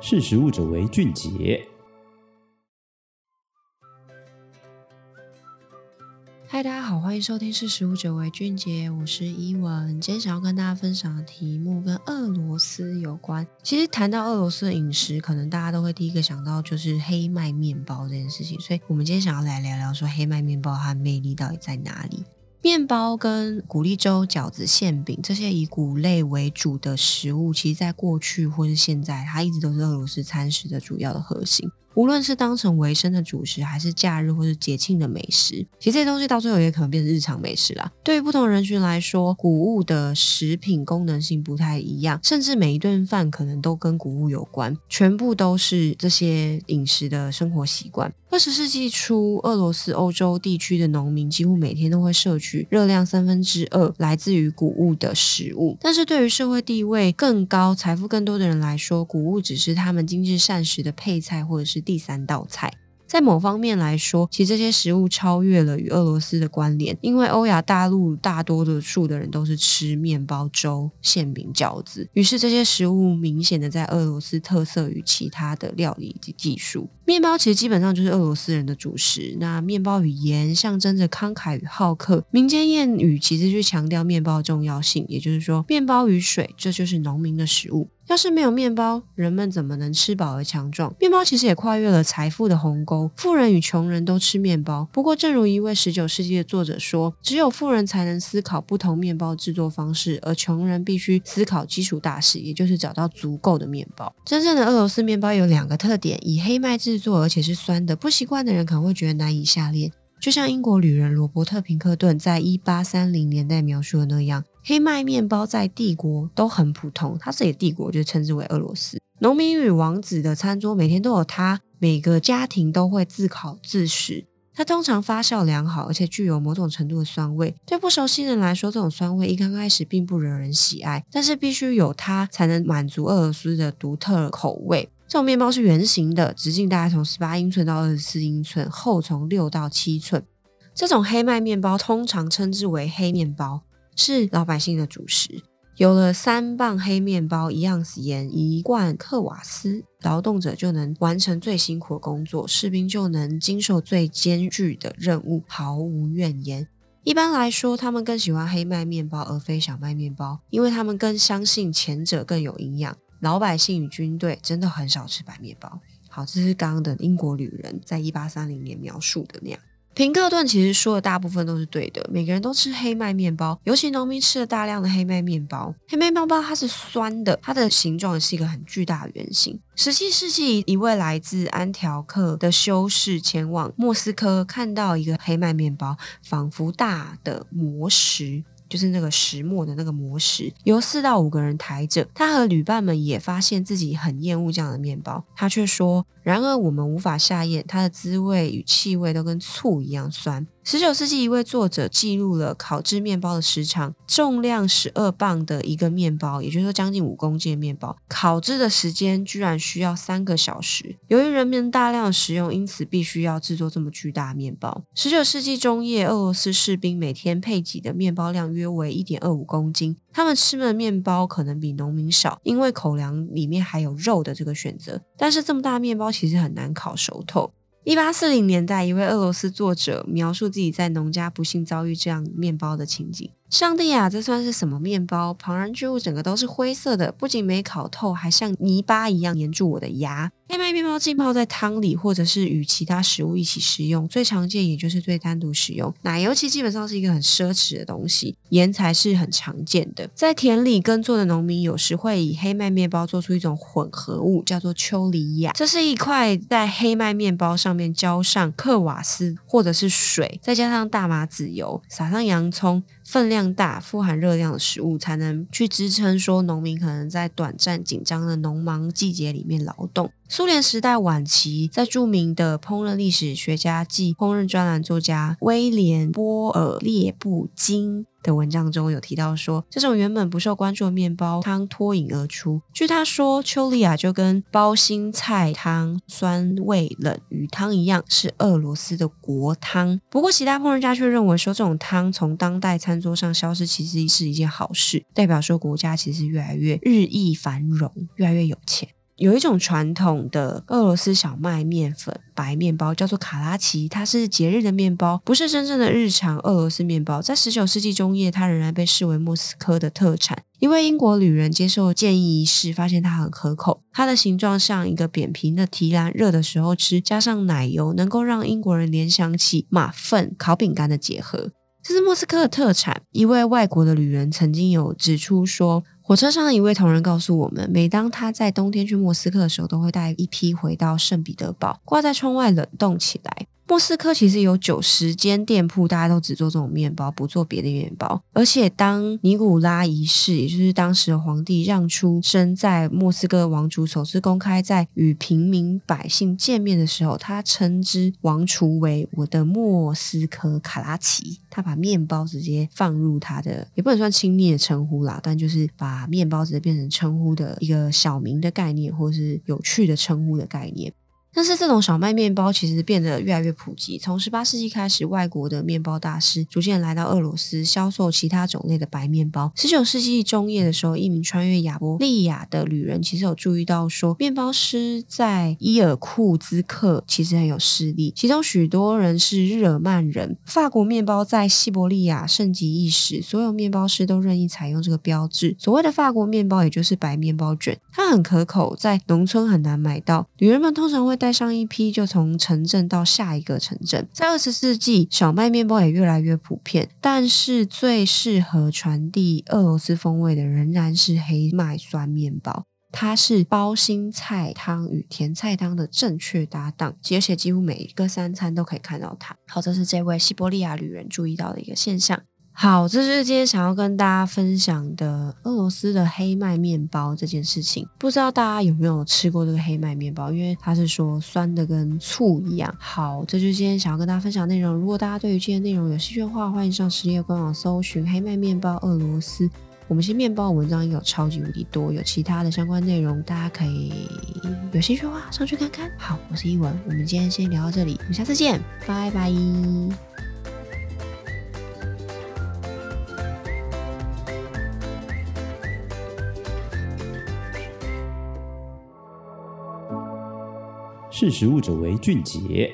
識食物者為俊傑。嗨，大家好，歡迎收聽《識食物者為俊傑》，我是依文。今天想要跟大家分享的題目跟俄羅斯有關。其實談到俄羅斯的飲食，可能大家都會第一個想到就是黑麥麵包這件事情，所以我們今天想要來聊聊說黑麥麵包它的魅力到底在哪裡。麵包跟穀粒粥、餃子、餡餅，這些以谷類為主的食物，其實在過去或是現在，它一直都是俄羅斯餐食的主要的核心。無論是當成維生的主食，還是假日或是節慶的美食，其實這些東西到最後也可能變成日常美食啦。對於不同人群來說，穀物的食品功能性不太一樣，甚至每一頓飯可能都跟穀物有關，全部都是這些飲食的生活習慣。二十世紀初，俄羅斯歐洲地區的農民幾乎每天都會攝取熱量三分之二來自於穀物的食物，但是對於社會地位更高、財富更多的人來說，穀物只是他們精緻膳食的配菜，或者是。第三道菜，在某方面來說，其實這些食物超越了與俄羅斯的關聯，因為歐亞大陸大多數的，的人都是吃麵包、粥、餡餅、餃子。於是這些食物明顯的在俄羅斯特色與其他的料理及技術。麵包其實基本上就是俄羅斯人的主食。那麵包與鹽象徵着慷慨與好客，民間諺語其實就強調麵包的重要性，也就是說，麵包與水，這就是農民的食物。要是沒有麵包，人們怎麼能吃飽而強壯？麵包其實也跨越了財富的鴻溝，富人與窮人都吃麵包。不過，正如一位十九世紀的作者說，只有富人才能思考不同麵包制作方式，而窮人必須思考基礎大事，也就是找到足夠的麵包。真正的俄羅斯麵包有兩個特點：以黑麥制作，而且是酸的。不習慣的人可能會覺得難以下咽。就像英國旅人羅伯特·平克頓在一八三零年代描述的那樣。黑麥麵包在帝國都很普通，它自己的帝國就稱之為俄羅斯。農民與王子的餐桌每天都有它，每個家庭都會自烤自食。它通常發酵良好，而且具有某種程度的酸味。對不熟悉人來說，這種酸味一剛開始並不惹人喜愛，但是必須有它才能滿足俄羅斯的獨特的口味。這種麵包是圓形的，直徑大概從十八英寸到二十四英寸，厚從六到七寸。這種黑麥麵包通常稱之為黑麵包。是老百姓的主食。有了三磅黑麵包、一盎司鹽、一罐克瓦斯，勞動者就能完成最辛苦的工作，士兵就能經受最艱巨的任務，毫無怨言。一般來說，他們更喜歡黑麥麵包而非小麥麵包，因為他們更相信前者更有營養。老百姓與軍隊真的很少吃白麵包。好，這是剛剛的英國旅人在一八三零年描述的那樣。平克頓其實說的大部分都是對的。每個人都吃黑麥麵包，尤其農民吃了大量的黑麥麵包。黑麥麵包包它是酸的，它的形狀是一個很巨大的圓形。十七世紀，一位來自安條克的修士前往莫斯科，看到一個黑麥麵包，仿佛大的磨石。就是那個石磨的那個磨石，由四到五個人抬着。他和旅伴們也發現自己很厭惡這樣的麵包。他卻說：“然而我們無法下咽，它的滋味與氣味都跟醋一樣酸。”19 世紀一位作者記錄了烤制麵包的時長，重量十二磅的一個麵包，也就是說將近五公斤的麵包，烤制的時間居然需要三個小時。由於人們大量的食用，因此必須要制作這麼巨大麵包。19世紀中葉，俄羅斯士兵每天配給的麵包量。約為一點二五公斤，他們吃的麵包可能比農民少，因為口糧裡面還有肉的這個選擇。但是這麼大麵包其實很難烤熟透。一八四零年代，一位俄羅斯作者描述自己在農家不幸遭遇這樣麵包的情景：上帝啊，這算是什麼麵包？龐然巨物，整個都是灰色的，不僅沒烤透，還像泥巴一樣粘住我的牙。黑麥麵包浸泡在湯裡，或者是與其他食物一起食用，最常見也就是最單獨使用。奶油其實基本上是一個很奢侈的東西，鹽才是很常見的。在田裡耕作的農民有時會以黑麥麵包做出一種混合物，叫做丘里亞。這是一塊在黑麥麵包上面澆上克瓦斯或者是水，再加上大麻籽油，撒上洋蔥，分量大、富含熱量的食物，才能去支撐說農民可能在短暫緊張的農忙季節裡面勞動。蘇聯時代晚期，在著名的烹飪歷史學家及烹飪專欄作家威廉·波爾列布金的文章中有提到說，這種原本不受關注的面包湯脫穎而出。據他說，秋利亞就跟包心菜湯、酸味冷魚湯一樣，是俄羅斯的國湯。不過，其他烹飪家卻認為說，這種湯從當代餐桌上消失，其實是一件好事，代表說國家其實越來越日益繁榮，越來越有錢。有一種傳統的俄羅斯小麥面粉白麵包，叫做卡拉奇，它是節日的面包，不是真正的日常俄羅斯面包。在十九世紀中葉，它仍然被視為莫斯科的特產，一位英國女人接受建議一試發現它很可口。它的形狀像一個扁平的提籃，熱的時候吃，加上奶油，能夠讓英國人聯想起馬糞烤餅乾的結合。這是莫斯科的特產。一位外國的旅人曾經有指出說，火車上的一位同仁告訴我們，每當他在冬天去莫斯科的時候，都會帶一批回到聖彼得堡，掛在窗外冷凍起來。莫斯科其實有九十間店鋪，大家都只做這種麵包，不做別的麵包。而且當尼古拉一世，也就是當時的皇帝，讓出生在莫斯科的王主首次公開在與平民百姓見面的時候，他稱之王廚為“我的莫斯科卡拉奇”。他把麵包直接放入他的，也不能算親昵的稱呼啦，但就是把麵包直接變成稱呼的一個小名的概念，或者是有趣的稱呼的概念。但是這種小麥麵包其實變得越來越普及。從十八世紀開始，外國的麵包大師逐漸來到俄羅斯，銷售其他種類的白麵包。十九世紀中葉的時候，一名穿越亞伯利亞的旅人其實有注意到說，說麵包師在伊爾庫茨克其實很有勢力，其中許多人是日耳曼人。法國麵包在西伯利亞盛極一時，所有麵包師都任意採用這個標誌。所謂的法國麵包，也就是白麵包捲，它很可口，在農村很難買到。旅人們通常會帶。再上一批就從城鎮到下一個城鎮。在二十世紀，小麥麵包也越來越普遍，但是最適合傳遞俄羅斯風味的仍然是黑麥酸麵包，它是包心菜湯與甜菜湯的正確搭檔，而且幾乎每一個三餐都可以看到它。好，這是這位西伯利亞旅人注意到的一個現象。好，這就是今天想要跟大家分享的俄羅斯的黑麥麵包這件事情。不知道大家有沒有吃過這個黑麥麵包，因為它是說酸的跟醋一樣。好，這就是今天想要跟大家分享的內容。如果大家對於今天的內容有興趣的話，歡迎上食力官網搜尋黑麥麵包俄羅斯。我們這些麵包的文章也有超級無敵多，有其他的相關內容，大家可以有興趣的話上去看看。好，我是依文，我們今天先聊到這裡，我們下次見，拜拜。識食物者為俊傑。